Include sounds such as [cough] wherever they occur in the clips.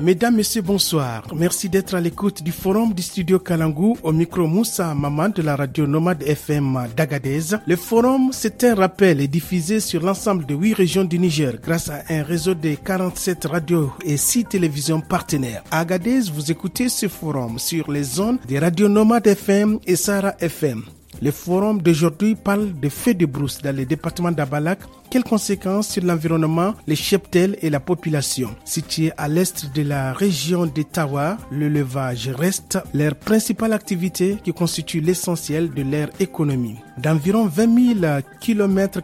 Mesdames, Messieurs, bonsoir. Merci d'être à l'écoute du forum du studio Kalangou au micro Moussa Maman de la radio Nomade FM d'Agadez. Le forum, c'est un rappel diffusé sur l'ensemble des huit régions du Niger grâce à un réseau de 47 radios et 6 télévisions partenaires. À Agadez, vous écoutez ce forum sur les zones des radios Nomade FM et Sarah FM. Le forum d'aujourd'hui parle des feux de brousse dans le département d'Abalak. Quelles conséquences sur l'environnement, les cheptels et la population Situé à l'est de la région d'Etawa, le levage reste leur principale activité qui constitue l'essentiel de leur économie d'environ 20 000 km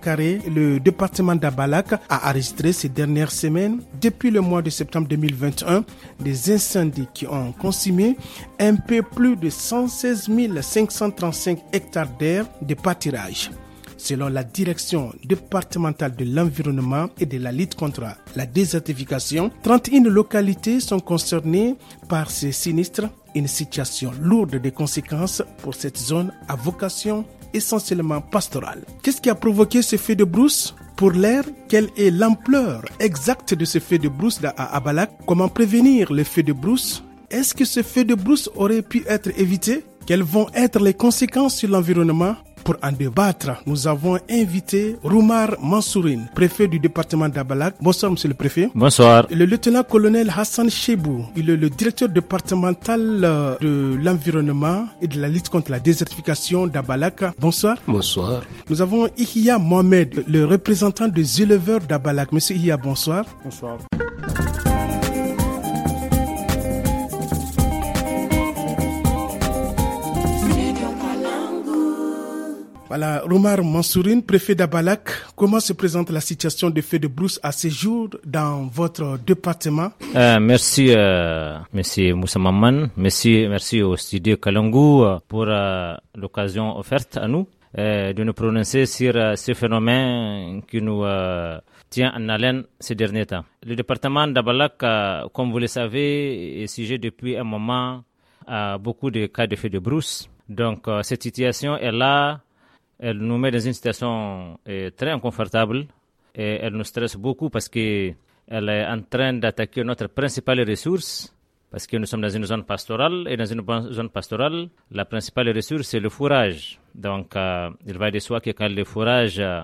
le département d'Abalak a enregistré ces dernières semaines, depuis le mois de septembre 2021, des incendies qui ont consumé un peu plus de 116 535 hectares d'air de pâturage selon la direction départementale de l'environnement et de la lutte contre la désertification, 31 localités sont concernées par ces sinistres, une situation lourde de conséquences pour cette zone à vocation essentiellement pastoral. Qu'est-ce qui a provoqué ce feu de brousse pour l'air, quelle est l'ampleur exacte de ce feu de brousse à Abalak Comment prévenir le feu de brousse Est-ce que ce feu de brousse aurait pu être évité Quelles vont être les conséquences sur l'environnement pour en débattre, nous avons invité Roumar Mansourine, préfet du département d'Abalak. Bonsoir, monsieur le préfet. Bonsoir. Le lieutenant-colonel Hassan Chebou, il est le directeur départemental euh, de l'environnement et de la lutte contre la désertification d'Abalak. Bonsoir. Bonsoir. Nous avons Ihia Mohamed, le représentant des éleveurs d'Abalak. Monsieur Ihia, bonsoir. Bonsoir. Voilà, Romar Mansourine, préfet d'Abalak, comment se présente la situation des feux de brousse à ces jours dans votre département euh, Merci, euh, monsieur Moussa Maman, merci, merci au studio Kalangou euh, pour euh, l'occasion offerte à nous de nous prononcer sur ce phénomène qui nous tient en haleine ces derniers temps. Le département d'Abalak, comme vous le savez, est sujet depuis un moment à beaucoup de cas de feux de brousse. Donc, cette situation est là elle nous met dans une situation eh, très inconfortable et elle nous stresse beaucoup parce qu'elle est en train d'attaquer notre principale ressource parce que nous sommes dans une zone pastorale et dans une zone pastorale, la principale ressource c'est le fourrage. Donc, euh, il va de soi que quand le fourrage euh,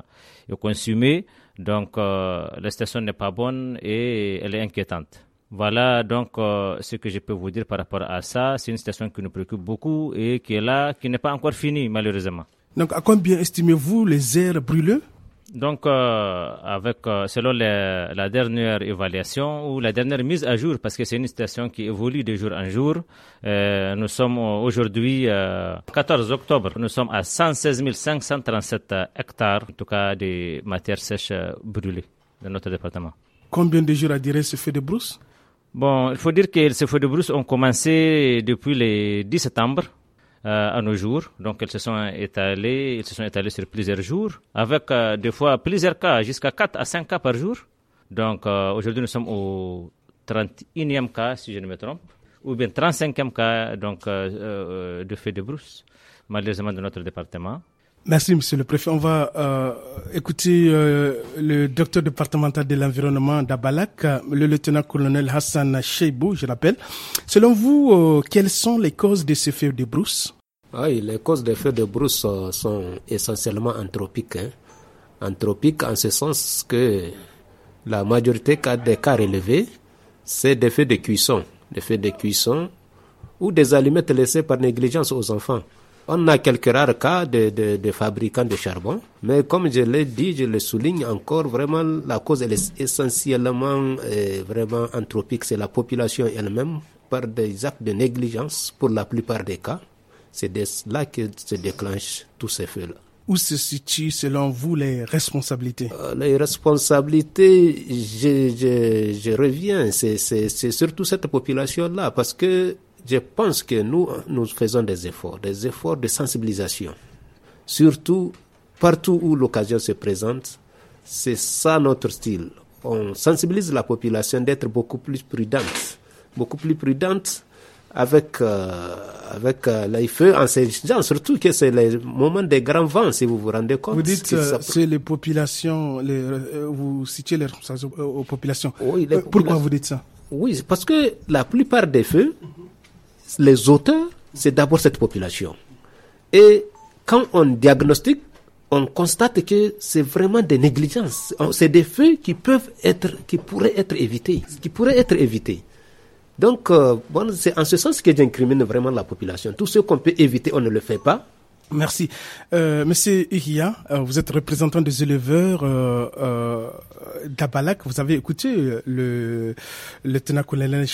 est consumé, donc euh, la situation n'est pas bonne et elle est inquiétante. Voilà donc ce que je peux vous dire par rapport à ça. C'est une situation qui nous préoccupe beaucoup et qui est là, qui n'est pas encore finie malheureusement. Donc, à combien estimez-vous les aires brûlées donc, euh, avec euh, selon la dernière évaluation ou la dernière mise à jour, parce que c'est une situation qui évolue de jour en jour, euh, nous sommes aujourd'hui 14 octobre, nous sommes à 116 537 hectares, en tout cas de matières sèches brûlées dans notre département. Combien de jours a duré ce feu de brousse Bon, il faut dire que ces feux de brousse ont commencé depuis le 10 septembre. Euh, à nos jours. Donc, elles se sont étalées, ils se sont étalées sur plusieurs jours, avec euh, des fois plusieurs cas, jusqu'à 4 à 5 cas par jour. Donc, euh, aujourd'hui, nous sommes au 31e cas, si je ne me trompe, ou bien 35e cas donc, de fait de brousse, malheureusement, de notre département. Merci, Monsieur le Préfet. On va euh, écouter euh, le docteur départemental de l'environnement d'Abalak, euh, le lieutenant-colonel Hassan Cheibou, je rappelle. Selon vous, quelles sont les causes de ces feux de brousse ah Oui, les causes des feux de brousse sont essentiellement anthropiques. Hein. Anthropiques en ce sens que la majorité des cas relevés, c'est des feux de cuisson, des feux de cuisson ou des allumettes laissées par négligence aux enfants. On a quelques rares cas de, fabricants de charbon, mais comme je l'ai dit, je le souligne encore, vraiment, la cause est essentiellement euh, vraiment anthropique, c'est la population elle-même par des actes de négligence pour la plupart des cas. C'est de là que se déclenchent tous ces feux-là. Où se situent, selon vous, les responsabilités euh, Les responsabilités, je, je reviens, c'est surtout cette population-là, parce que je pense que nous, nous faisons des efforts, des efforts de sensibilisation. Surtout partout où l'occasion se présente, c'est ça notre style. On sensibilise la population d'être beaucoup plus prudente, beaucoup plus prudente avec, euh, avec euh, les feux en gens, surtout que c'est le moment des grands vents, si vous vous rendez compte. Vous dites que euh, c'est les populations, les, vous citez les aux populations. Pourquoi vous dites ça Oui, parce que la plupart des feux, les auteurs, c'est d'abord cette population. Et quand on diagnostique, on constate que c'est vraiment des négligences. C'est des faits qui peuvent être, qui pourraient être évités, qui être Donc, euh, c'est en ce sens que j'incrimine vraiment la population. Tout ce qu'on peut éviter, on ne le fait pas. Merci. Euh, Monsieur Ihiya, euh, vous êtes représentant des éleveurs euh, d'Abalak. Vous avez écouté le lieutenant-colonel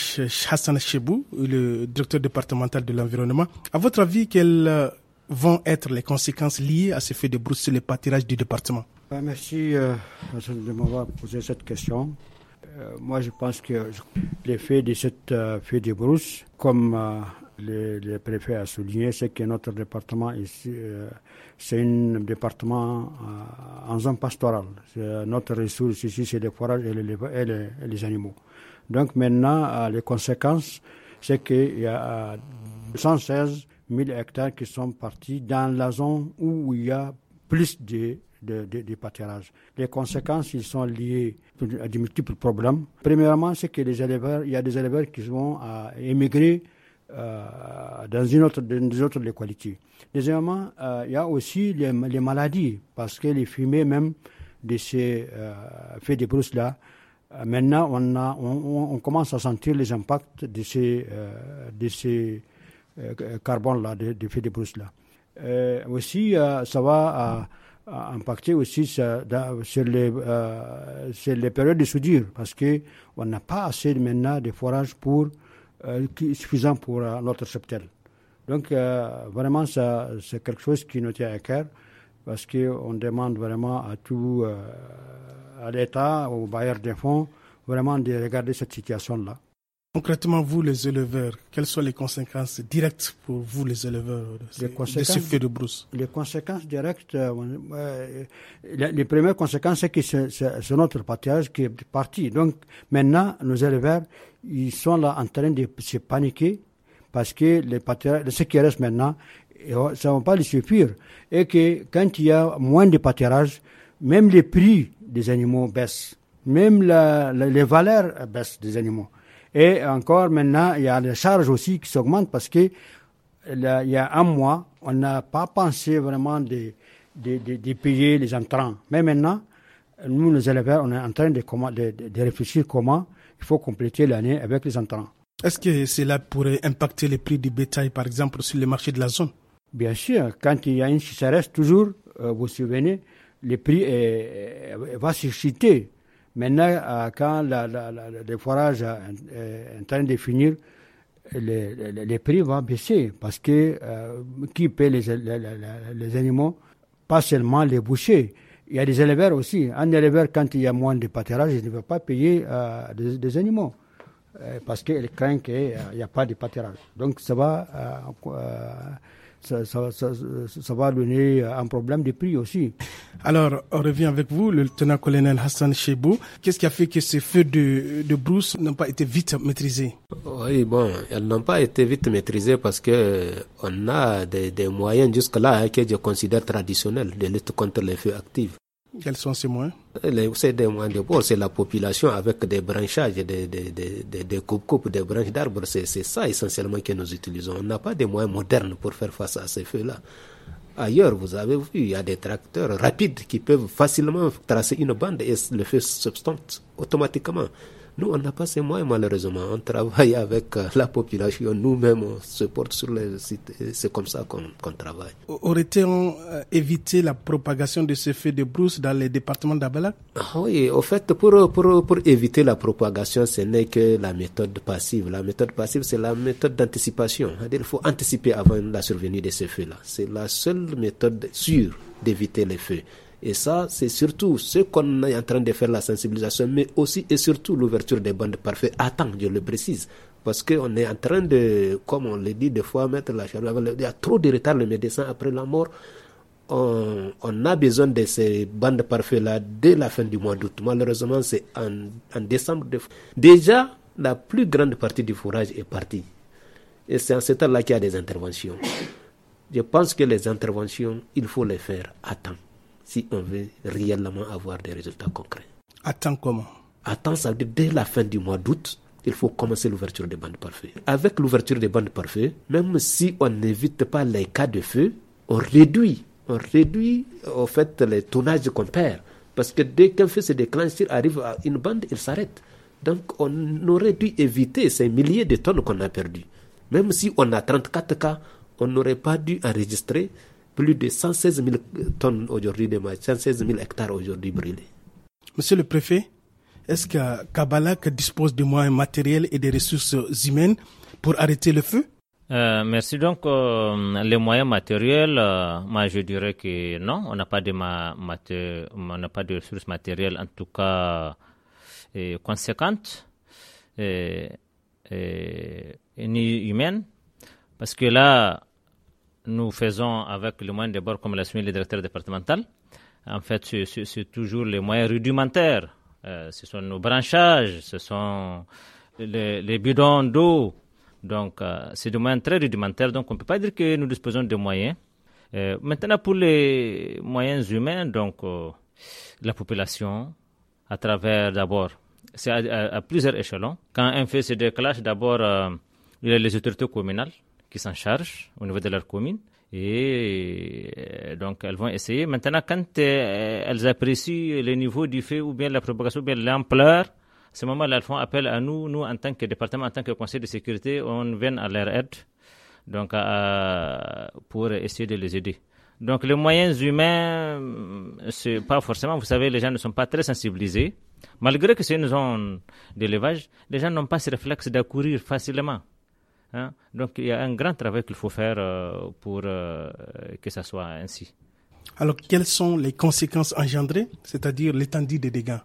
Hassan Chebou, le directeur départemental de l'environnement. À votre avis, quelles vont être les conséquences liées à ce fait de brousse sur le pâtirage du département ben, Merci de m'avoir posé cette question. moi, je pense que l'effet de cette feu de brousse, comme le, préfet a souligné, c'est que notre département ici, euh, c'est un département euh, en zone pastorale. Euh, notre ressource ici, c'est le forage et, les, animaux. Donc maintenant, les conséquences, c'est qu'il y a 116 000 hectares qui sont partis dans la zone où il y a plus de de, pâturage. Les conséquences, ils sont liés à de multiples problèmes. Premièrement, c'est que les éleveurs, il y a des éleveurs qui vont à émigrer euh, dans une autre, dans une autre Deuxièmement, euh, il y a aussi les, maladies, parce que les fumées même de ces euh, faits de brousse-là, maintenant on, a, on, commence à sentir les impacts de ces, de ces carbone-là, des fées de brousse-là. aussi, ça va impacter aussi sur, les, sur les périodes de soudure, parce qu'on n'a pas assez maintenant de forages pour euh, suffisant pour euh, notre septel. Donc, euh, vraiment, c'est quelque chose qui nous tient à cœur parce qu'on demande vraiment à tout, à l'État, aux bailleurs des fonds, vraiment de regarder cette situation-là. Concrètement, vous les éleveurs, quelles sont les conséquences directes pour vous les éleveurs de, ce fait de brousse Les conséquences directes, euh, euh, les, premières conséquences, c'est que c'est notre pâturage qui est parti. Donc maintenant, nos éleveurs, ils sont là en train de se paniquer parce que les ce qui reste maintenant, ça ne va pas les suffire. Et que quand il y a moins de pâturage, même les prix des animaux baissent, même les valeurs baissent des animaux. Et encore maintenant, il y a les charges aussi qui s'augmentent parce que il y a un mois, on n'a pas pensé vraiment de, payer les entrants. Mais maintenant, nous, les éleveurs, on est en train de, de réfléchir comment il faut compléter l'année avec les entrants. Est-ce que cela pourrait impacter les prix du bétail, par exemple, sur les marchés de la zone Bien sûr, quand il y a une sécheresse, toujours, euh, vous vous souvenez, le prix va susciter Maintenant, euh, quand la, la, la, en train de finir, les, les, prix vont baisser parce que euh, qui paie les, les, animaux Pas seulement les bouchers. Il y a des éleveurs aussi. Un éleveur, quand il y a moins de pâturage, il ne veut pas payer euh, des, des, animaux parce qu'il craint qu'il n'y a pas de pâturage. Donc ça va ça, va donner un problème de prix aussi. Alors, on revient avec vous, le lieutenant-colonel Hassan Chebou. Qu'est-ce qui a fait que ces feux de, brousse n'ont pas été vite maîtrisés Oui, bon, elles n'ont pas été vite maîtrisées parce que on a des, moyens jusque-là hein, que je considère traditionnels de lutte contre les feux actifs. Quels sont ces moyens C'est des moyens de c'est la population avec des branchages, des, des, des, des coupes-coupes, des branches d'arbres. C'est ça essentiellement que nous utilisons. On n'a pas de moyens modernes pour faire face à ces feux-là. Ailleurs, vous avez vu, il y a des tracteurs rapides qui peuvent facilement tracer une bande et le feu substante automatiquement. Nous, on n'a pas ces moyens, malheureusement. On travaille [laughs] avec euh, la population. Nous-mêmes, on se porte sur les sites. C'est comme ça qu'on travaille. Aurait-on euh, évité la propagation de ce feu de brousse dans les départements d'Abela ah Oui, au fait, pour, éviter la propagation, ce n'est que la méthode passive. La méthode passive, c'est la méthode d'anticipation. Il faut anticiper avant la survenue de ces feux-là. C'est la seule méthode sûre d'éviter les feux. Et ça, c'est surtout ce qu'on est en train de faire, la sensibilisation, mais aussi et surtout l'ouverture des bandes parfaites. Attends, je le précise. Parce qu'on est en train de, comme on le dit des fois, mettre la charrue Il y a trop de retard, le médecin, après la mort. On, a besoin de ces bandes parfaites-là dès la fin du mois d'août. Malheureusement, c'est en, décembre. Déjà, la plus grande partie du fourrage est partie. Et c'est en ce temps-là qu'il y a des interventions. Je pense que les interventions, il faut les faire à temps si on veut réellement avoir des résultats concrets. Attends comment Attends, ça veut dire dès la fin du mois d'août, il faut commencer l'ouverture des bandes par feu. Avec l'ouverture des bandes par feu, même si on n'évite pas les cas de feu, on réduit, on réduit en fait les tonnages qu'on perd. Parce que dès qu'un feu se déclenche, il arrive à une bande, il s'arrête. Donc on aurait dû éviter ces milliers de tonnes qu'on a perdues. Même si on a 34 cas, on n'aurait pas dû enregistrer plus de 116 000 tonnes aujourd'hui de 116 000 hectares aujourd'hui brûlés. Monsieur le préfet, est-ce que Kabalak dispose de moyens matériels et des ressources humaines pour arrêter le feu euh, merci. Donc, euh, les moyens matériels, euh, moi je dirais que non, on n'a pas de on n'a pas de ressources matérielles en tout cas conséquentes, ni humaines, parce que là, nous faisons avec les moyens, de bord, comme l'a souligné le directeur départemental. En fait, c'est toujours les moyens rudimentaires. Euh, ce sont nos branchages, ce sont les, bidons d'eau. Donc, euh, c'est des moyens très rudimentaires. Donc, on ne peut pas dire que nous disposons de moyens. Euh, maintenant, pour les moyens humains, donc, la population, à travers d'abord, c'est à, à, plusieurs échelons. Quand un fait se déclenche, d'abord, il y a les autorités communales qui s'en chargent au niveau de leur commune. Et euh, donc, elles vont essayer. Maintenant, quand euh, elles apprécient le niveau du fait ou bien la propagation ou bien l'ampleur, à ce moment-là, elles font appel à nous. Nous, en tant que département, en tant que conseil de sécurité, on vient à leur aide donc, pour essayer de les aider. Donc, les moyens humains, euh, c'est pas forcément, vous savez, les gens ne sont pas très sensibilisés. Malgré que c'est une zone d'élevage, les gens n'ont pas ce réflexe d'accourir facilement. Hein. Donc il y a un grand travail qu'il faut faire euh, pour euh, que ça soit ainsi. Alors quelles sont les conséquences engendrées, c'est-à-dire l'étendue des dégâts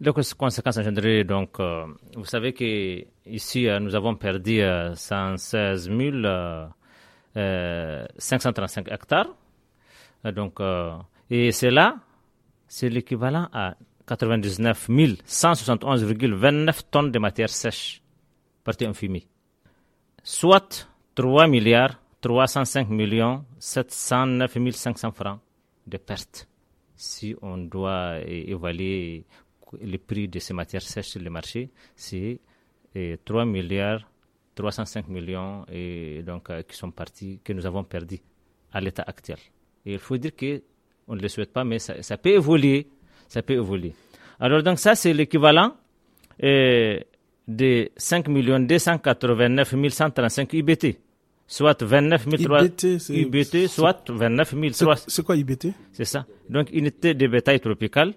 Les conséquences engendrées, donc, euh, vous savez que ici nous avons perdu 116 535 hectares. Donc, et cela, c'est l'équivalent à 99 171,29 tonnes de matière sèche partie en soit 3 milliards 305 millions 500 francs de pertes si on doit évaluer le prix de ces matières sèches sur le marché, c'est 3 milliards 305 millions et donc euh, qui sont partis, que nous avons perdu à l'état actuel. Et il faut dire que on ne le souhaite pas, mais ça, ça peut évoluer, ça peut évoluer. Alors donc ça c'est l'équivalent euh, de 5 289 135 IBT, soit 29 300 IBT, soit 29 300. C'est quoi IBT C'est ça. Donc, unité de bétail tropical.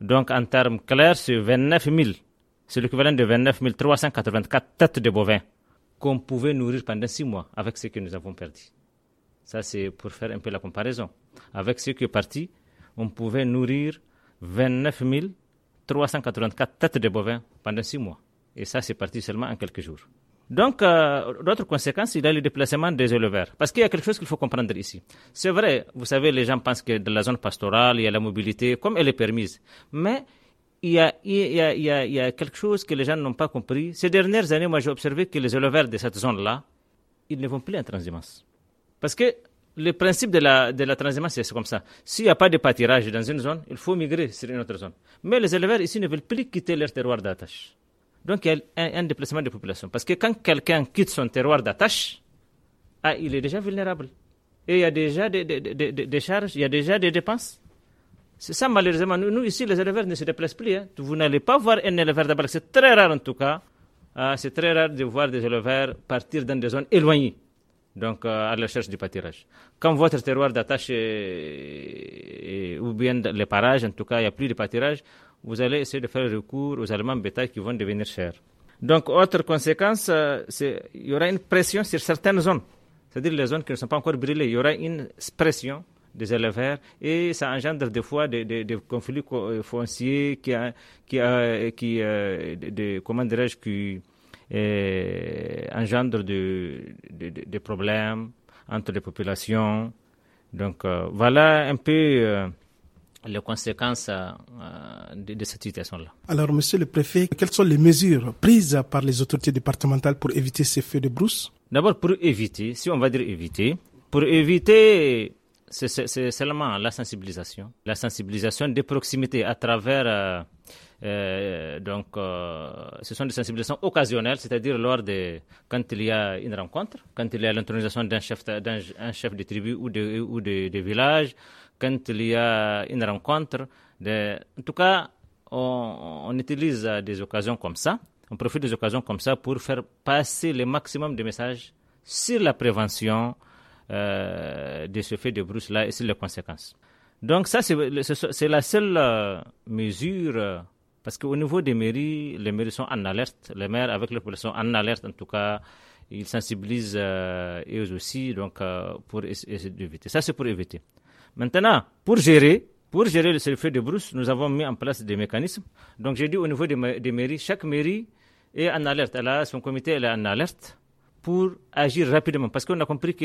Donc, en termes clairs, c'est 29 000. C'est l'équivalent de 29 384 têtes de bovins qu'on pouvait nourrir pendant 6 mois avec ce que nous avons perdu. Ça, c'est pour faire un peu la comparaison. Avec ce qui est parti, on pouvait nourrir 29 384 têtes de bovins pendant 6 mois. Et ça, c'est parti seulement en quelques jours. Donc, d'autres euh, conséquences, il y a le déplacement des éleveurs. Parce qu'il y a quelque chose qu'il faut comprendre ici. C'est vrai, vous savez, les gens pensent que dans la zone pastorale, il y a la mobilité, comme elle est permise. Mais il y a, quelque chose que les gens n'ont pas compris. Ces dernières années, moi, j'ai observé que les éleveurs de cette zone-là, ils ne vont plus en transhumance. Parce que le principe de la, de transhumance, c'est comme ça. S'il n'y a pas de pâtirage dans une zone, il faut migrer sur une autre zone. Mais les éleveurs ici ne veulent plus quitter leur terroir d'attache. Donc, il y a un, déplacement de population. Parce que quand quelqu'un quitte son terroir d'attache, ah, il est déjà vulnérable. Et il y a déjà des, charges, il y a déjà des dépenses. C'est ça, malheureusement. Nous, ici, les éleveurs ne se déplacent plus. Hein. Vous n'allez pas voir un éleveur d'abord. C'est très rare, en tout cas. Ah, c'est très rare de voir des éleveurs partir dans des zones éloignées, donc euh, à la recherche du pâturage. Quand votre terroir d'attache ou bien les parages, en tout cas, il n'y a plus de pâturage, vous allez essayer de faire recours aux aliments bétail qui vont devenir chers. Donc, autre conséquence, euh, c'est il y aura une pression sur certaines zones, c'est-à-dire les zones qui ne sont pas encore brûlées. Il y aura une pression des éleveurs et ça engendre des fois des, conflits euh, fonciers qui, qui, qui euh, comment dirais-je, qui engendrent des problèmes entre les populations. Donc, voilà un peu les conséquences euh, de, cette situation-là. Alors, monsieur le préfet, quelles sont les mesures prises par les autorités départementales pour éviter ces feux de brousse D'abord, pour éviter, si on va dire éviter, pour éviter c'est seulement la sensibilisation. La sensibilisation de proximité à travers... Euh, euh, donc, euh, ce sont des sensibilisations occasionnelles, c'est-à-dire lors de quand il y a une rencontre, quand il y a l'intronisation d'un chef, d'un chef de tribu ou de, ou de, village, quand il y a une rencontre. De, en tout cas, on, on utilise des occasions comme ça, on profite des occasions comme ça pour faire passer le maximum de messages sur la prévention, euh, de ce fait de brousse-là et sur les conséquences. Donc ça, c'est la seule euh, mesure, euh, parce qu'au niveau des mairies, les mairies sont en alerte, les maires avec les populations en alerte, en tout cas, ils sensibilisent eux aussi, donc pour essayer d'éviter. Ça, c'est pour éviter. Maintenant, pour gérer, pour gérer le feu de brousse, nous avons mis en place des mécanismes. Donc j'ai dit au niveau des, mairies, chaque mairie est en alerte. Elle a son comité, elle est en alerte pour agir rapidement. Parce qu'on a compris que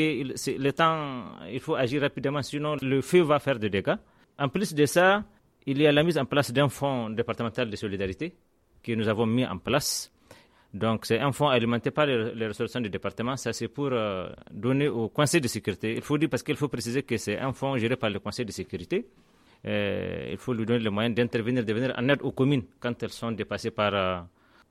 le temps, il faut agir rapidement, sinon le feu va faire des dégâts. En plus de ça, il y a la mise en place d'un fonds départemental de solidarité que nous avons mis en place. Donc, c'est un fonds alimenté par les, ressources du département. Ça, c'est pour euh, donner au Conseil de sécurité. Il faut dire, parce qu'il faut préciser que c'est un fonds géré par le Conseil de sécurité. Euh, il faut lui donner les moyens d'intervenir, de venir en aide aux communes quand elles sont dépassées par euh,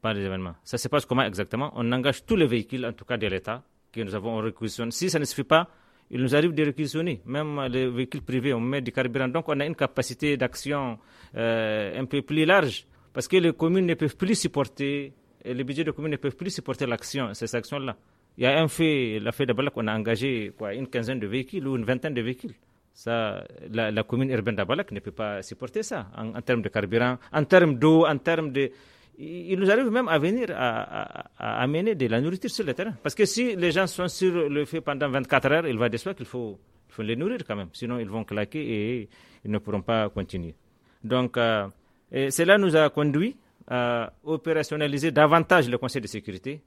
par les événements. Ça se passe comment exactement On engage tous les véhicules, en tout cas de l'État, que nous avons réquisitionnés. Si ça ne suffit pas, il nous arrive de réquisitionner, même les véhicules privés, on met du carburant. Donc on a une capacité d'action euh, un peu plus large, parce que les communes ne peuvent plus supporter, les budgets de communes ne peuvent plus supporter l'action, ces actions-là. Il y a un fait, la fait d'Abalak, on a engagé quoi, une quinzaine de véhicules ou une vingtaine de véhicules. Ça, la, commune urbaine d'Abalak ne peut pas supporter ça en termes de carburant, en termes d'eau, en termes de, il nous arrive même à venir à, amener de la nourriture sur le terrain. Parce que si les gens sont sur le feu pendant 24 heures, il va de soi qu'il faut, les nourrir quand même. Sinon, ils vont claquer et ils ne pourront pas continuer. Donc, euh, cela nous a conduit à opérationnaliser davantage le Conseil de sécurité.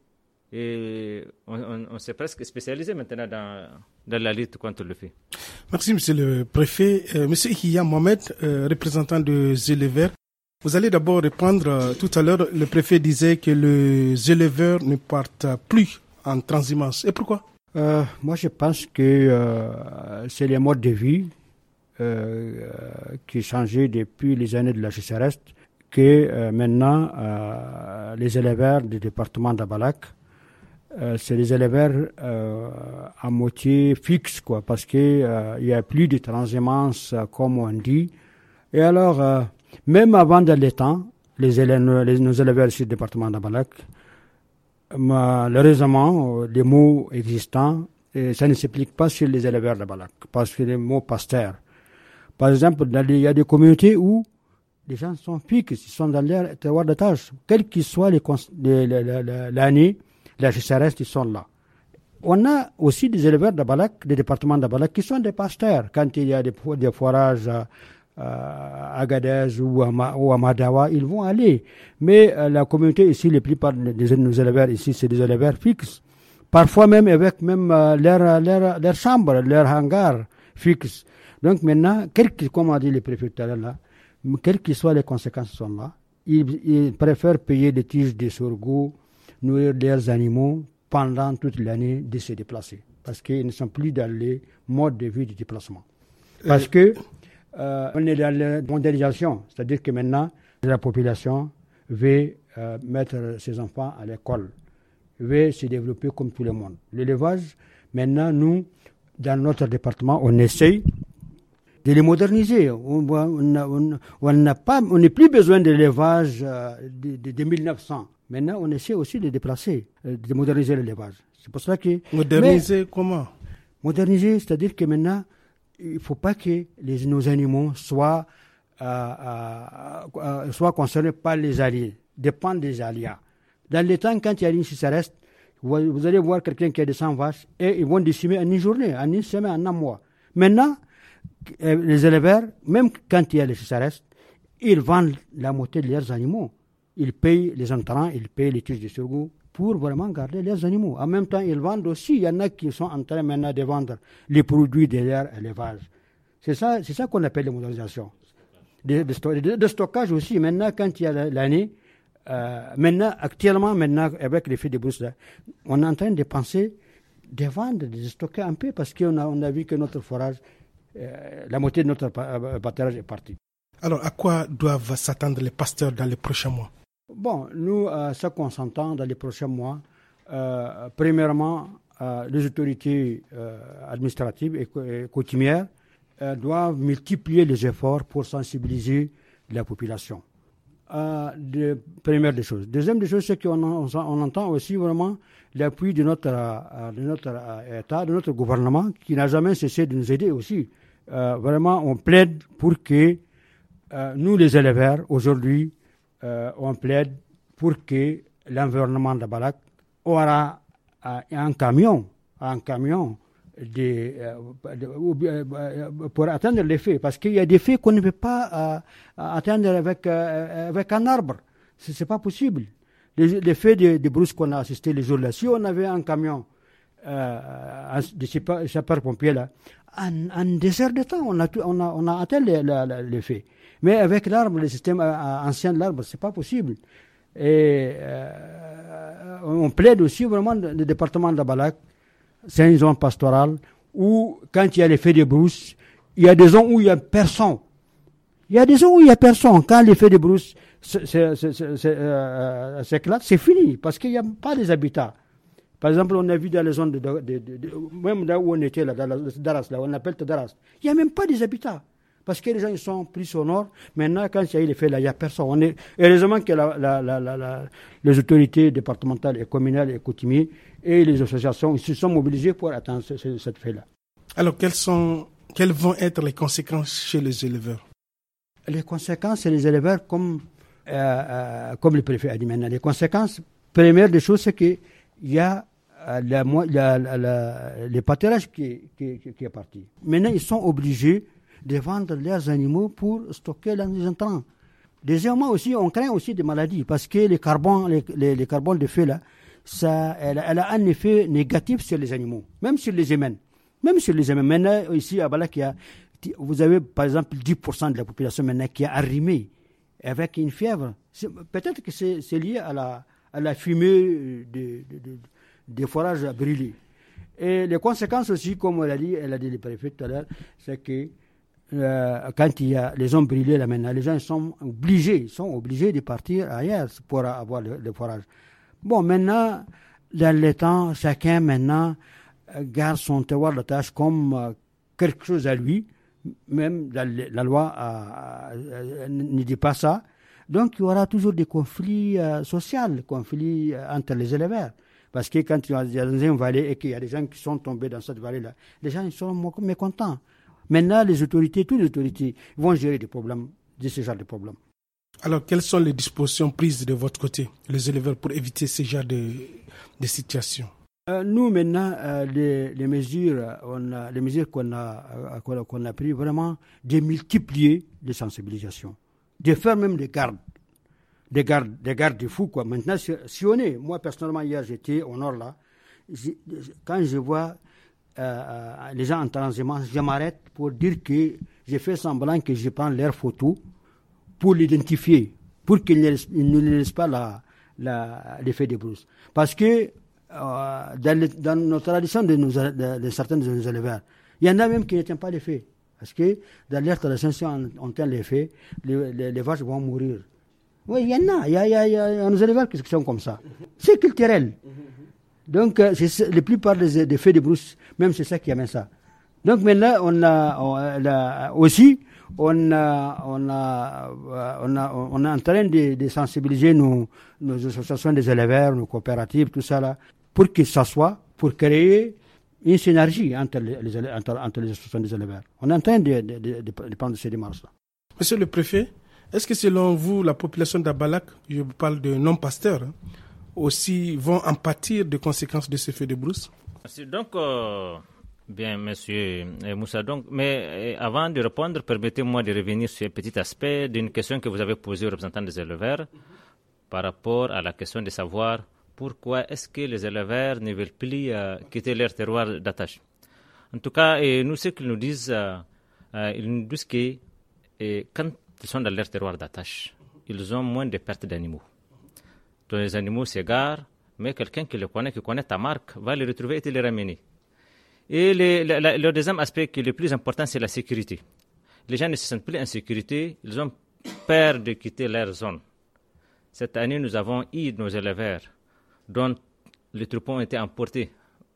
Et on, s'est presque spécialisé maintenant dans, la lutte contre le feu. Merci, Monsieur le Préfet. M. Euh, monsieur Mohamed, euh, représentant de Zélevert. Vous allez d'abord répondre, euh, tout à l'heure, le préfet disait que les éleveurs ne partent plus en transhumance. Et pourquoi euh, Moi, je pense que euh, c'est les modes de vie euh, qui changé depuis les années de la GCRS que maintenant, les éleveurs du département d'Abalak, c'est les éleveurs à moitié fixes, quoi, parce qu'il n'y a plus de transhumance, comme on dit. Et alors, même avant de l'État, les élèves, les, nos élèves sur le département d'Abalak, le malheureusement, les mots existants, ça ne s'applique pas sur les éleveurs de Balak, pas sur les mots pasteurs. Par exemple, il y a des communautés où les gens sont fixes, ils sont dans leur terroir de tâche. Quelle que soit l'année, les GCRS ils sont là. On a aussi des éleveurs de Balak, des départements d'Abalak, qui sont des pasteurs. Quand il y a des, des forages euh, à Agadez ou à, Madawa, ils vont aller. Mais euh, la communauté ici, les plupart des nos éleveurs ici, c'est des éleveurs fixes. Parfois même avec même euh, leur, chambre, leur hangar fixe. Donc maintenant, quel que, comme a dit le préfet quelles que soient les conséquences sont là, ils, préfèrent payer des tiges de sorgho, nourrir leurs animaux pendant toute l'année de se déplacer. Parce qu'ils ne sont plus dans les modes de vie du déplacement. Parce que euh, on est dans la mondialisation, c'est-à-dire que maintenant, la population veut euh, mettre ses enfants à l'école, veut se développer comme tout le monde. L'élevage, maintenant, nous, dans notre département, on essaye de les moderniser. On n'a on, pas, on n'est plus besoin de l'élevage euh, de, 1900. Maintenant, on essaie aussi de déplacer, de moderniser l'élevage. C'est pour ça que moderniser comment Moderniser, c'est-à-dire que maintenant, il ne faut pas que nos animaux soient, euh, euh, euh, soient concernés par les alliés, dépendent des alliés. Dans le temps, quand il y a une sécheresse, vous, vous, allez voir quelqu'un qui a des 100 vaches et ils vont décimer en une journée, en une semaine, en un mois. Maintenant, les éleveurs, même quand il y a les sécheresses, ils vendent la moitié de leurs animaux. Ils payent les entrants, ils payent les tiges de surgoût, pour vraiment garder les animaux. En même temps, ils vendent aussi, il y en a qui sont en train maintenant de vendre les produits de leur élevage. C'est ça, c'est ça qu'on appelle la modernisation. De, stockage aussi, maintenant, quand il y a l'année, euh, maintenant, actuellement, maintenant, avec l'effet de bourse, on est en train de penser de vendre, de stocker un peu, parce qu'on a, on a vu que notre forage, euh, la moitié de notre euh, pâturage est partie. Alors, à quoi doivent s'attendre les pasteurs dans les prochains mois Bon, nous, euh, ce qu'on s'entend dans les prochains mois, euh, premièrement, euh, les autorités administratives et, coutumières doivent multiplier les efforts pour sensibiliser la population. première des choses. Deuxième des choses, c'est qu'on entend aussi vraiment l'appui de notre, de notre État, de notre gouvernement, qui n'a jamais cessé de nous aider aussi. vraiment, on plaide pour que nous, les éleveurs, aujourd'hui, euh, on plaide pour que l'environnement de Balak aura euh, un camion, un camion euh, pour atteindre les faits. Parce qu'il y a des faits qu'on ne peut pas atteindre avec, avec un arbre. Ce n'est pas possible. Les, faits de, qu'on a assisté les jours-là, si on avait un camion de sapeurs pompier là, en, désert de temps, on a, atteint les, les faits. Mais avec l'arbre, le système euh, euh, ancien de l'arbre, c'est pas possible. Et euh, on plaide aussi vraiment le département de la Balac, c'est une zone pastorale où quand il y a les feux de brousse, il y a des zones où il n'y a personne. Il y a des zones où il n'y a personne. Quand les feux de brousse s'éclate, c'est fini parce qu'il n'y a pas des habitats. Par exemple, on a vu dans les zones de, même là où on était là, là, on appelle Daras, il n'y a même pas des habitats. Parce que les gens, ils sont plus au nord. Maintenant, quand il y a eu les faits, là, il n'y a personne. On Heureusement que les autorités départementales et communales et et les associations ils se sont mobilisés pour atteindre cette fait-là. Alors, quelles, sont, quelles vont être les conséquences chez les éleveurs Les conséquences chez les éleveurs, euh, euh, comme, le préfet a dit maintenant, les conséquences, première des choses, c'est qu'il y a euh, les pâturages qui est parti. Maintenant, ils sont obligés de vendre leurs animaux pour stocker les entrants. Deuxièmement aussi, on craint aussi des maladies parce que le carbone, les, les, carbone de feu là, ça, elle, a un effet négatif sur les animaux, même sur les humains. Même sur les humains. Maintenant, ici à vous avez par exemple 10% de la population maintenant qui est arrimée avec une fièvre. Peut-être que c'est lié à la, à la fumée des de, de, forages brûlés. Et les conséquences aussi, comme elle a dit, elle a dit le préfet tout à l'heure, c'est que euh, quand il y a les hommes brûlés là maintenant, les gens sont obligés, sont obligés de partir ailleurs pour avoir le, forage. Bon, maintenant, dans le temps, chacun maintenant euh, garde son terroir de comme euh, quelque chose à lui. Même la, loi ne dit pas ça. Donc, il y aura toujours des conflits sociaux, conflits entre les éleveurs. Parce que quand il y a une vallée et qu'il y a des gens qui sont tombés dans cette vallée-là, les gens ils sont mécontents. Maintenant, les autorités, toutes les autorités, vont gérer des problèmes, de ce genre de problèmes. Alors, quelles sont les dispositions prises de votre côté, les éleveurs, pour éviter ce genre de, de situation euh, Nous, maintenant, euh, les, mesures, euh, les mesures qu'on a, qu'on a prises, vraiment, de multiplier les sensibilisations, de faire même des gardes des gardes, des gardes de fous, quoi. Maintenant, si on est, moi, personnellement, hier, j'étais au nord, là, quand je vois euh, euh, les gens en transhumance, je m'arrête pour dire que j'ai fait semblant que je prends leur photo pour l'identifier, pour qu'ils ne, ne laissent pas l'effet la, des brousses. Parce que euh, dans, notre dans, nos traditions de, de, certains de nos éleveurs, il y en a même qui ne tiennent pas l'effet. Parce que dans leur tradition, si on, tient l'effet, les, vaches vont mourir. Oui, il y en a. Il y a, il y a, a, il y a nos éleveurs qui sont comme ça. C'est culturel. Donc, euh, c'est la plupart des, faits de brousse, même c'est ça qui amène ça. Donc maintenant, on a, aussi, on est en train de, sensibiliser nos, associations des éleveurs, nos coopératives, tout ça là, pour que ça soit, pour créer une synergie entre les, entre, entre les associations des éleveurs. On est en train de, prendre ces démarches-là. Monsieur le préfet, est-ce que selon vous, la population d'Abalak, je vous parle de non-pasteurs, hein, aussi vont en pâtir des conséquences de ce feu de brousse Donc, euh, bien, monsieur euh, Moussa, donc, mais euh, avant de répondre, permettez-moi de revenir sur un petit aspect d'une question que vous avez posée aux représentants des éleveurs par rapport à la question de savoir pourquoi est-ce que les éleveurs ne veulent plus quitter leur terroir d'attache. En tout cas, nous, ce qu'ils nous disent, ils nous disent que quand ils sont dans leur terroir d'attache, ils ont moins de pertes d'animaux les animaux s'égarent, mais quelqu'un qui le connaît, qui connaît ta marque, va les retrouver et te les ramener. Et le, deuxième aspect qui est le plus important, c'est la sécurité. Les gens ne se sentent plus en sécurité, ils ont peur de quitter leur zone. Cette année, nous avons eu nos éleveurs dont les troupeaux ont été emportés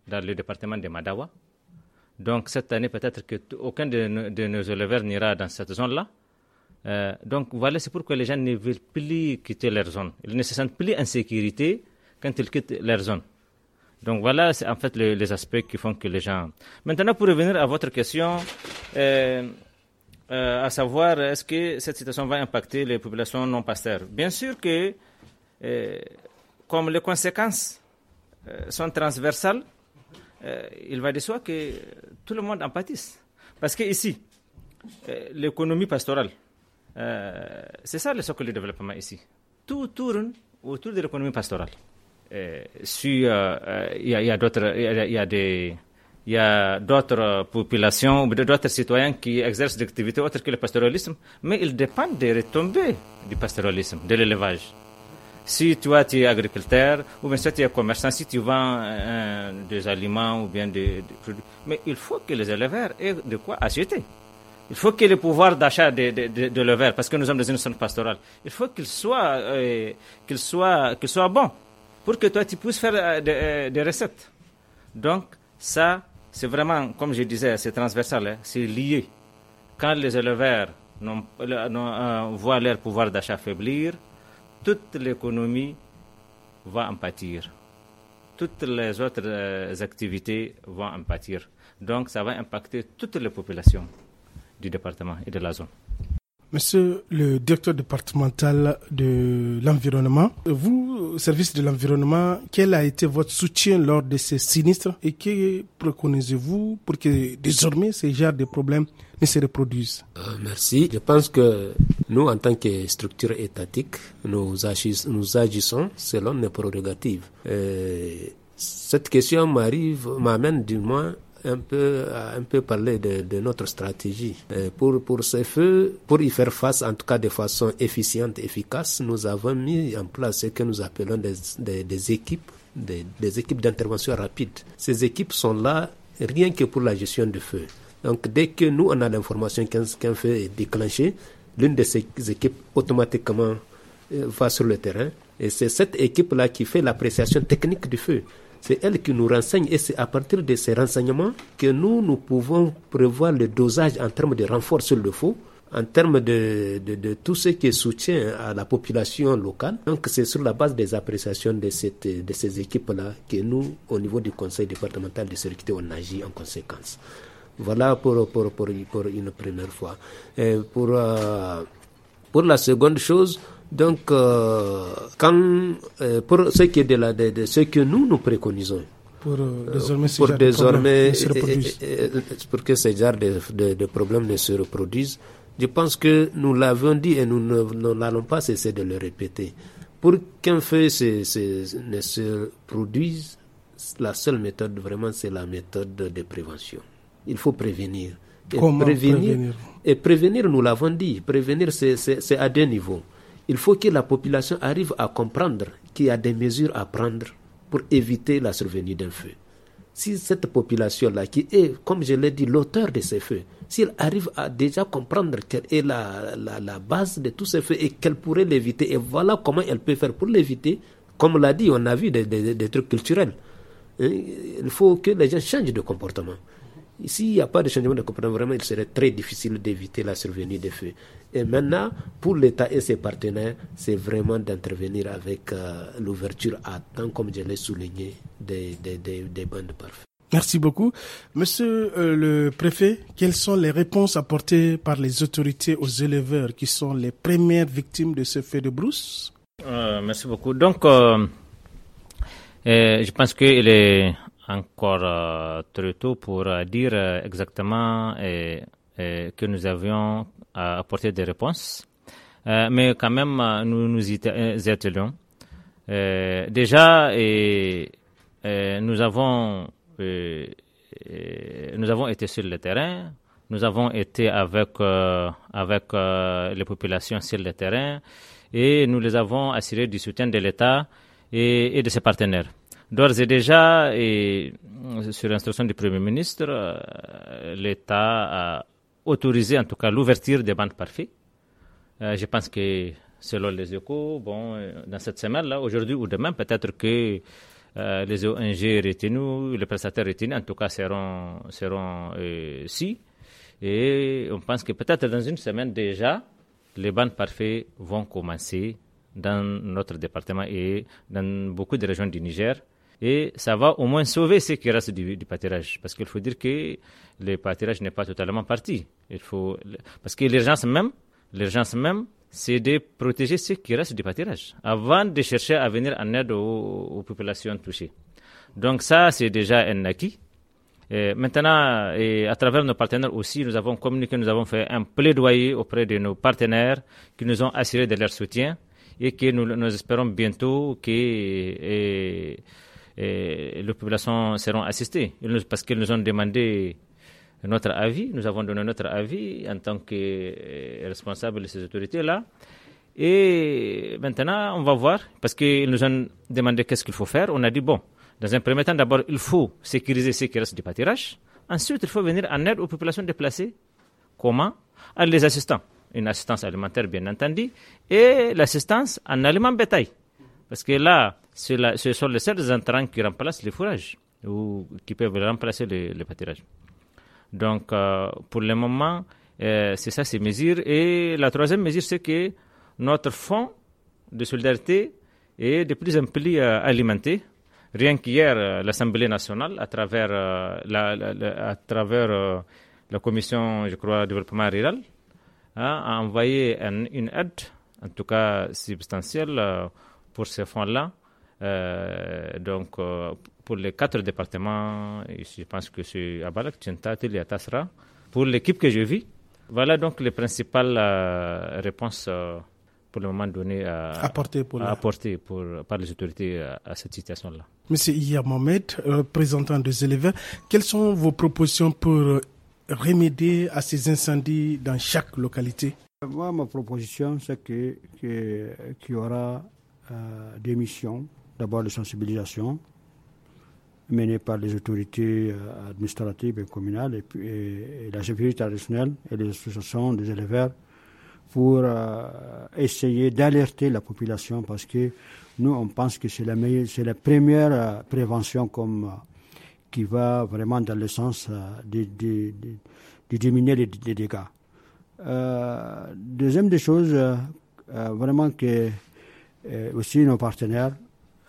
dans le département de Madawa. Donc cette année, peut-être que aucun de, de nos éleveurs n'ira dans cette zone-là. Euh, donc voilà, c'est pourquoi les gens ne veulent plus quitter leur zone. Ils ne se sentent plus en sécurité quand ils quittent leur zone. Donc voilà, c'est en fait les aspects qui font que les gens. Maintenant, pour revenir à votre question, euh, euh, à savoir, est-ce que cette situation va impacter les populations non pasteurs Bien sûr que, comme les conséquences sont transversales, il va de soi que tout le monde en pâtisse. Parce que ici, l'économie pastorale, euh, c'est ça le socle du développement ici. Tout tourne autour de l'économie pastorale. Euh, euh, il y a, d'autres d'autres populations ou d'autres citoyens qui exercent des activités autres que le pastoralisme, mais ils dépendent des retombées du pastoralisme, de l'élevage. Si toi tu es agriculteur, ou bien si tu es commerçant, si tu vends des aliments ou bien des, des, produits, mais il faut que les éleveurs aient de quoi acheter. Il faut que le pouvoir d'achat de, de, parce que nous sommes dans une zone pastorale, il faut qu'il soit, euh, qu'il soit, soit bon pour que toi, tu puisses faire euh, euh, des, recettes. Donc, ça, c'est vraiment, comme je disais, c'est transversal, hein, c'est lié. Quand les éleveurs voient leur pouvoir d'achat faiblir, toute l'économie va en pâtir. Toutes les autres activités vont en pâtir. Donc, ça va impacter toute la population du département et de la zone. Monsieur le directeur départemental de l'environnement, vous, service de l'environnement, quel a été votre soutien lors de ces sinistres et que préconisez-vous pour que désormais ces genres de problèmes ne se reproduisent euh, Merci. Je pense que nous, en tant que structure étatique, nous, agissons, selon nos prérogatives. Euh, cette question m'arrive, m'amène du moins un peu, un peu parler de, notre stratégie. Euh, pour, pour ces feux, pour y faire face, en tout cas de façon efficiente, efficace, nous avons mis en place ce que nous appelons des, des, équipes, des, équipes d'intervention rapide. Ces équipes sont là rien que pour la gestion du feu. Donc, dès que nous, on a l'information qu'un feu est déclenché, l'une de ces équipes automatiquement euh, va sur le terrain. Et c'est cette équipe-là qui fait l'appréciation technique du feu. C'est elle qui nous renseigne et c'est à partir de ces renseignements que nous, nous pouvons prévoir le dosage en termes de renfort sur le faux en termes de, tout ce qui soutient à la population locale. Donc c'est sur la base des appréciations de, de ces équipes-là que nous, au niveau du conseil départemental de sécurité, on agit en conséquence. Voilà pour, une première fois. pour, euh, pour la seconde chose, donc, euh, euh, pour ce qui est de, ce que nous, nous préconisons, pour désormais, pour, que ces genres de, de, problèmes ne se reproduisent, je pense que nous l'avons dit et nous n'allons pas cesser de le répéter. Pour qu'un feu ne se produise, la seule méthode vraiment, c'est la méthode de prévention. Il faut prévenir. Et prévenir, prévenir, Et prévenir, nous l'avons dit, prévenir, c'est à deux niveaux. Il faut que la population arrive à comprendre qu'il y a des mesures à prendre pour éviter la survenue d'un feu. Si cette population-là, qui est, comme je l'ai dit, l'auteur de ces feux, s'il arrive à déjà comprendre quelle est la, base de tous ces feux et qu'elle pourrait l'éviter, et voilà comment elle peut faire pour l'éviter, comme l'a dit, on a vu des, des trucs culturels. Hein, il faut que les gens changent de comportement. S'il n'y a pas de changement de comportement, vraiment, il serait très difficile d'éviter la survenue des feux. Et maintenant, pour l'État et ses partenaires, c'est vraiment d'intervenir avec euh, l'ouverture à temps, comme je l'ai souligné, des, des, des, des bandes parfaites. Merci beaucoup. Monsieur euh, le préfet, quelles sont les réponses apportées par les autorités aux éleveurs qui sont les premières victimes de ce fait de brousse euh, Merci beaucoup. Donc, je pense qu'il est encore trop tôt pour dire exactement que nous avions à apporter des réponses. Euh, mais quand même, euh, nous nous y euh, étions déjà, et, nous, avons, nous avons été sur le terrain. Nous avons été avec, avec les populations sur le terrain et nous les avons assurés du soutien de l'État et, et, de ses partenaires. D'ores et déjà, et, sur l'instruction du Premier ministre, l'État a Autoriser en tout cas l'ouverture des bandes parfaites. Euh, je pense que selon les échos, bon, euh, dans cette semaine-là, aujourd'hui ou demain, peut-être que euh, les ONG retenus, les prestataires retenus, en tout cas, seront, seront si. Et on pense que peut-être dans une semaine déjà, les bandes parfaites vont commencer dans notre département et dans beaucoup de régions du Niger et ça va au moins sauver ce qui reste du, du pâturage. Parce qu'il faut dire que le pâturage n'est pas totalement parti. Il faut, parce que l'urgence même, l'urgence même, c'est de protéger ce qui reste du pâturage avant de chercher à venir en aide aux, populations touchées. Donc ça, c'est déjà un acquis. maintenant, et à travers nos partenaires aussi, nous avons communiqué, nous avons fait un plaidoyer auprès de nos partenaires qui nous ont assuré de leur soutien et que nous, nous espérons bientôt que et les populations seront assistées parce qu'ils nous ont demandé notre avis. Nous avons donné notre avis en tant que euh, responsables de ces autorités-là. Et maintenant, on va voir, parce qu'ils nous ont demandé qu'est-ce qu'il faut faire. On a dit, bon, dans un premier temps, d'abord, il faut sécuriser ce qui reste du pâtirage. Ensuite, il faut venir en aide aux populations déplacées. Comment les assistants. Une assistance alimentaire, bien entendu, et l'assistance en aliments bétail. Parce que là, ce sont les seuls entraînements qui remplacent les fourrages ou qui peuvent remplacer les, les pâtirages. Donc, euh, pour le moment, euh, c'est ça ces mesures. Et la troisième mesure, c'est que notre fonds de solidarité est de plus en plus euh, alimenté. Rien qu'hier, l'Assemblée nationale, à travers, la, à travers la commission, je crois, développement rural, a envoyé une aide, en tout cas substantielle, pour ces fonds-là. Euh, donc, euh, pour les quatre départements, je pense que c'est Abalak, Tinta, et Tassra. Pour l'équipe que je vis, voilà donc les principales euh, réponses pour le moment données, à, apporter pour, par les autorités à, cette situation-là. Monsieur Iya Mohamed, représentant des éléments, quelles sont vos propositions pour remédier à ces incendies dans chaque localité Moi, ma proposition, c'est qu'il que, y aura des missions d'abord la sensibilisation menée par les autorités euh, administratives et communales et, puis, la sécurité traditionnelle et les associations des éleveurs pour euh, essayer d'alerter la population parce que nous, on pense que c'est la, meilleure, c'est la première euh, prévention qui va vraiment dans le sens de, diminuer les, les dégâts. deuxième des choses, vraiment que aussi nos partenaires,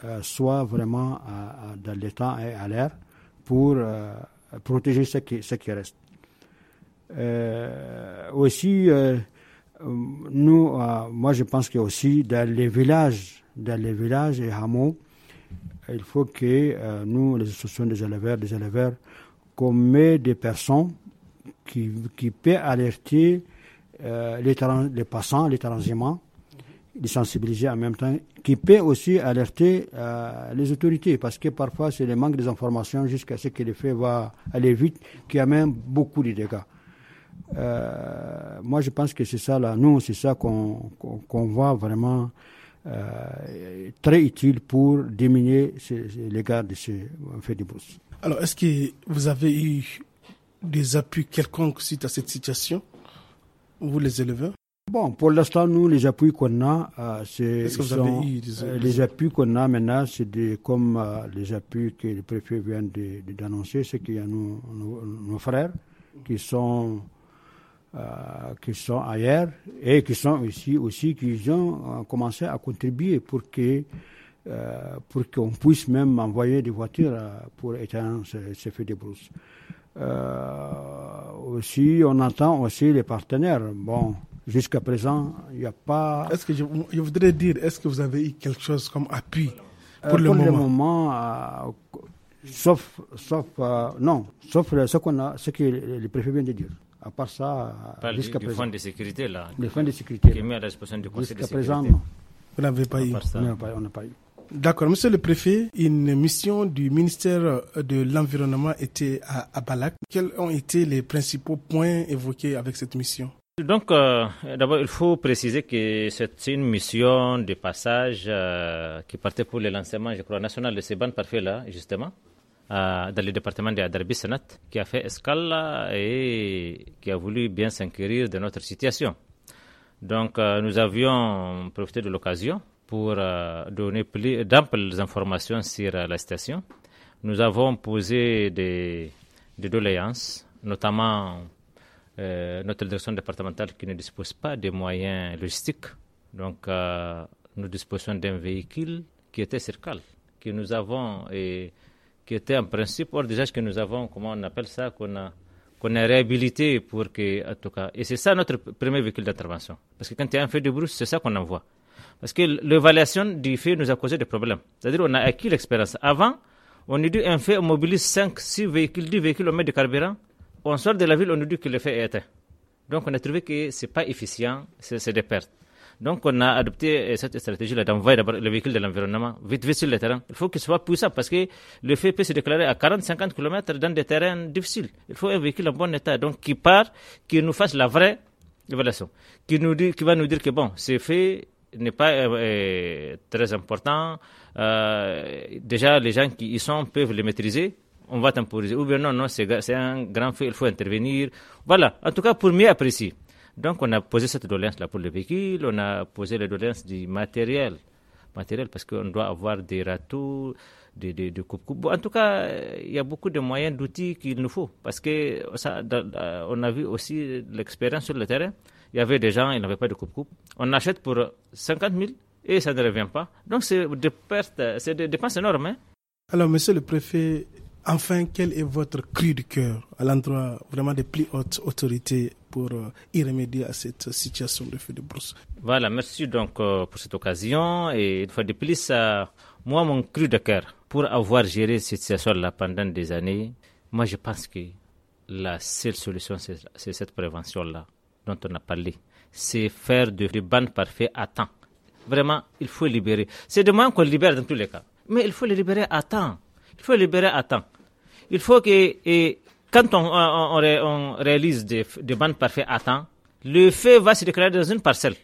euh, soit vraiment dans l'état et à l'air pour euh, protéger ce qui, reste. Euh, aussi, nous, moi je pense que aussi dans les villages, dans les villages et hameaux, il faut que nous, les associations des éleveurs, des éleveurs, qu'on des personnes qui, qui peuvent alerter les, passants, les transhumants, de sensibiliser en même temps, qui peut aussi alerter euh, les autorités, parce que parfois c'est le manque des informations jusqu'à ce que le fait va aller vite, qui amène beaucoup de dégâts. Euh, moi, je pense que c'est ça, là. Nous, c'est ça qu'on voit vraiment euh, très utile pour diminuer l'égard de ce fait de bourse. Alors, est-ce que vous avez eu des appuis quelconques suite à cette situation, vous les éleveurs Bon, pour l'instant, nous, les appuis qu'on a, euh, c'est euh, les appuis qu'on a maintenant, c'est comme euh, les appuis que le préfet vient d'annoncer, c'est qu'il y a nos, frères qui sont qui sont ailleurs et qui sont ici aussi, qui ont commencé à contribuer pour que pour qu'on puisse même envoyer des voitures pour éteindre ces, ces de brousse. aussi, on entend aussi les partenaires. Bon. Jusqu'à présent, il n'y a pas. Est-ce que je, voudrais dire, est-ce que vous avez eu quelque chose comme appui euh, pour, le le, pour moment? le moment euh, sauf, sauf euh, non, sauf ce qu'on a, ce que le préfet vient de dire. À part ça, jusqu'à présent. fonds de sécurité là. les fonds de sécurité. Qui Présent, non. Vous n'avez pas, eu. On n'a pas D'accord, monsieur le préfet, une mission du ministère de l'Environnement était à Balak. Quels ont été les principaux points évoqués avec cette mission donc, euh, d'abord, il faut préciser que c'est une mission de passage euh, qui partait pour le lancement, je crois, national de ces bandes parfait là, justement, euh, dans le département de Adarbi qui a fait escale et qui a voulu bien s'inquérir de notre situation. Donc, nous avions profité de l'occasion pour donner plus d'amples informations sur la station. Nous avons posé des, des doléances, notamment euh, notre direction départementale qui ne dispose pas des moyens logistiques. Donc, euh, nous disposons d'un véhicule qui était circal, que nous avons, et qui était en principe hors d'usage, que nous avons, comment on appelle ça, qu'on a, a réhabilité pour que, en tout cas, et c'est ça notre premier véhicule d'intervention. Parce que quand il y a un feu de brousse, c'est ça qu'on envoie. Parce que l'évaluation du feu nous a causé des problèmes. C'est-à-dire, on a acquis l'expérience. Avant, on a dit un feu, on mobilise 5, 6 véhicules, 10 véhicules, au mètre de carburant on sort de la ville, on nous dit que le fait est éteint. Donc on a trouvé que ce n'est pas efficient, c'est des pertes. Donc on a adopté euh, cette stratégie-là d'envoyer d'abord le véhicule de l'environnement vite, vite sur le terrain. Il faut qu'il soit puissant parce que le fait peut se déclarer à 40-50 km dans des terrains difficiles. Il faut un véhicule en bon état, donc qui part, qui nous fasse la vraie évaluation, qui, nous dit, qui va nous dire que bon, ce fait n'est pas euh, euh, très important. déjà, les gens qui y sont peuvent le maîtriser on va temporiser. Ou bien non, non, c'est un grand feu, il faut intervenir. Voilà, en tout cas pour mieux apprécier. Donc on a posé cette doléance-là pour le véhicule. on a posé la doléance du matériel. Matériel parce qu'on doit avoir des râteaux, des, des, coupe En tout cas, il y a beaucoup de moyens, d'outils qu'il nous faut. Parce que ça, on a vu aussi l'expérience sur le terrain. Il y avait des gens, ils n'avaient pas de coupe-coupe. On achète pour 50 000 et ça ne revient pas. Donc c'est des pertes, c'est des dépenses énormes. Hein. Alors, monsieur le préfet, Enfin, quel est votre cri de cœur à l'endroit vraiment des plus hautes autorités pour euh, y remédier à cette situation de feu de brousse Voilà, merci donc euh, pour cette occasion. Et une fois de plus, euh, moi, mon cri de cœur, pour avoir géré cette situation-là pendant des années, moi, je pense que la seule solution, c'est cette prévention-là dont on a parlé. C'est faire de, de bandes parfaits à temps. Vraiment, il faut libérer. C'est demain qu'on libère dans tous les cas. Mais il faut les libérer à temps. Il faut les libérer à temps il faut que et, quand on, on, réalise des, bandes parfaites à temps, le feu va se déclarer dans une parcelle.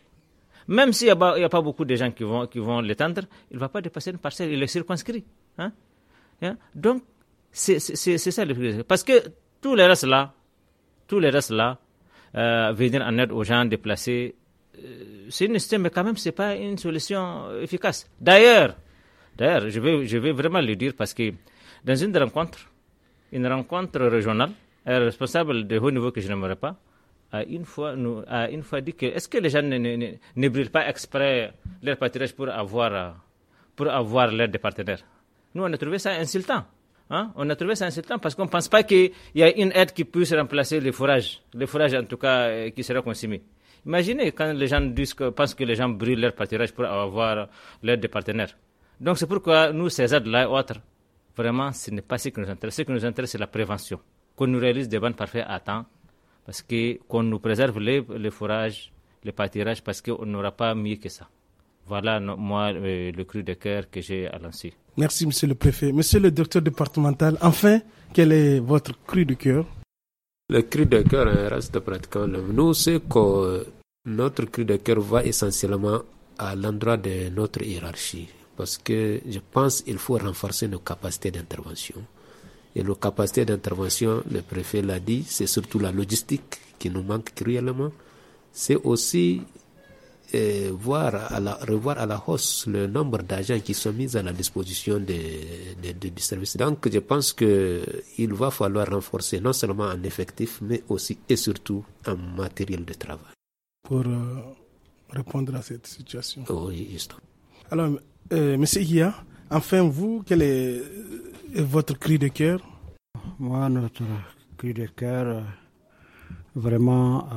Même s'il n'y a, pas beaucoup de gens qui vont, qui vont l'étendre, il ne va pas dépasser une parcelle, il est circonscrit. Hein. Hein? Donc, c'est ça le plus. Parce que tous les restes là, tous les restes là, euh, venir en aide aux gens déplacés, euh, c'est une système, mais quand même, ce n'est pas une solution efficace. D'ailleurs, d'ailleurs, je vais, je vais vraiment le dire parce que dans une rencontre, une rencontre régionale, responsable de haut niveau que je n'aimerais pas, a une fois, dit que est-ce que les gens ne, brûlent pas exprès leur pâturage pour avoir, l'aide des partenaires Nous, on a trouvé ça insultant. Hein? On a trouvé ça insultant parce qu'on ne pense pas qu'il y a une aide qui puisse remplacer les fourrages, les fourrages en tout cas euh, qui sera consommés. Imaginez quand les gens disent que, pensent que les gens brûlent leur pâturage pour avoir l'aide des partenaires. Donc c'est pourquoi nous, ces aides-là et autres, Vraiment, ce n'est pas ce qui nous intéresse. Ce qui nous intéresse, c'est la prévention. Qu'on nous réalise des bandes parfaits à temps, parce que qu'on nous préserve les, les fourrages, les pâtirages, parce qu'on n'aura pas mieux que ça. Voilà, moi, euh, le cru de cœur que j'ai à lancer. Merci, monsieur le préfet. Monsieur le docteur départemental, enfin, quel est votre cru de cœur Le cri de cœur euh, reste pratiquement le Nous, c'est que euh, notre cri de cœur va essentiellement à l'endroit de notre hiérarchie parce que je pense qu'il faut renforcer nos capacités d'intervention. Et nos capacités d'intervention, le préfet l'a dit, c'est surtout la logistique qui nous manque cruellement. C'est aussi euh, voir à la, revoir à la hausse le nombre d'agents qui sont mis à la disposition du service. Donc je pense qu'il va falloir renforcer non seulement en effectif, mais aussi et surtout en matériel de travail. Pour euh, répondre à cette situation. Oui, justement. Alors, euh, monsieur Iya, enfin, vous, quel est euh, votre cri de cœur Moi, notre cri de cœur, euh, vraiment,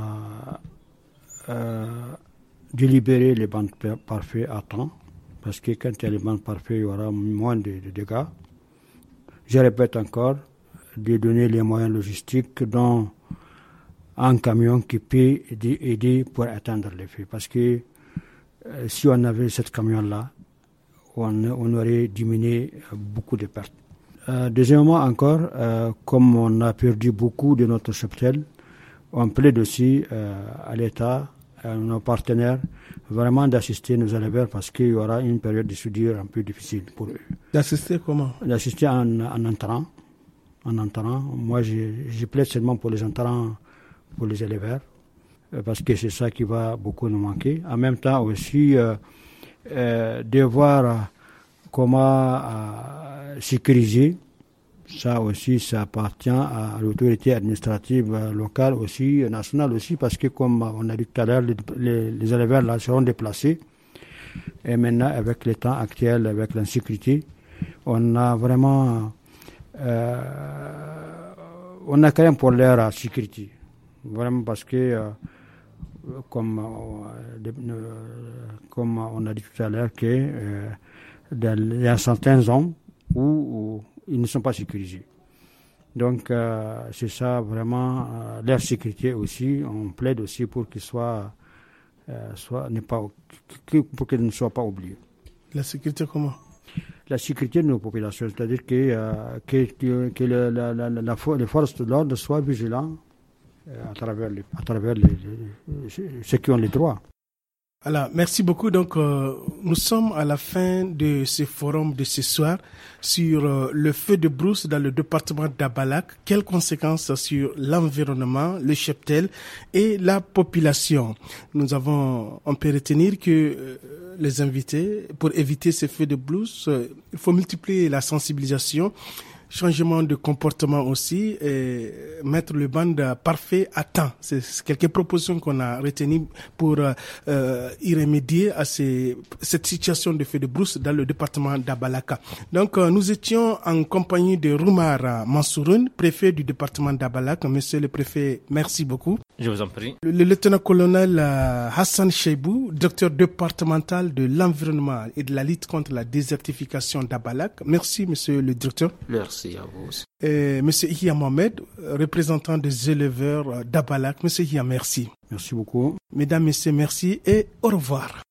de libérer les bandes parfaites à temps, parce que quand il y a les bandes parfaites, il y aura moins de, dégâts. Je répète encore, de donner les moyens logistiques dans un camion qui peut aider pour atteindre les faits. Parce que si on avait ce camion-là, on, aurait diminué euh, beaucoup de pertes. Euh, deuxièmement encore, euh, comme on a perdu beaucoup de notre cheptel, on plaide aussi à l'État, à nos partenaires, vraiment d'assister nos éleveurs parce qu'il y aura une période de soudure un peu difficile pour eux. D'assister comment D'assister en, en entrant. En Moi, je, je, plaide seulement pour les entrants, pour les éleveurs, parce que c'est ça qui va beaucoup nous manquer. En même temps aussi, euh, de voir comment euh, sécuriser. Ça aussi, ça appartient à l'autorité administrative locale aussi, nationale aussi, parce que comme euh, on a dit tout à l'heure, les, élèves éleveurs là seront déplacés. Et maintenant, avec le temps actuel, avec l'insécurité, on a vraiment... on a quand même pour la sécurité. Vraiment parce que comme, euh, comme on a dit tout à l'heure, euh, il y a certains zones où, ils ne sont pas sécurisés. Donc, euh, c'est ça vraiment, leur sécurité aussi, on plaide aussi pour qu'ils soient, n'est pas, pour qu'ils ne soient pas oubliés. La sécurité comment la sécurité de nos populations, c'est-à-dire que, que, la, la, la, les forces de l'ordre soient vigilantes à travers, les, à travers ceux qui ont les droits. Alors, merci beaucoup. Donc, euh, nous sommes à la fin de ce forum de ce soir sur euh, le feu de brousse dans le département d'Abalak. Quelles conséquences sur l'environnement, le cheptel et la population Nous avons, on peut retenir que euh, les invités, pour éviter ce feu de brousse, il faut multiplier la sensibilisation changement de comportement aussi, et mettre le bande parfait à temps. C'est quelques propositions qu'on a retenues pour euh, euh, y remédier à ces, cette situation de feu de brousse dans le département d'Abalaka. Donc, euh, nous étions en compagnie de Roumar Mansourun, préfet du département d'Abalaka. Monsieur le préfet, merci beaucoup. Je vous en prie. Le, lieutenant-colonel euh, Hassan Cheibou, docteur départemental de l'environnement et de la lutte contre la désertification d'Abalak. Merci, monsieur le directeur. Merci à vous aussi. Et monsieur Iya Mohamed, représentant des éleveurs euh, d'Abalak. Monsieur Iyam, merci. Merci beaucoup. Mesdames, messieurs, merci et au revoir.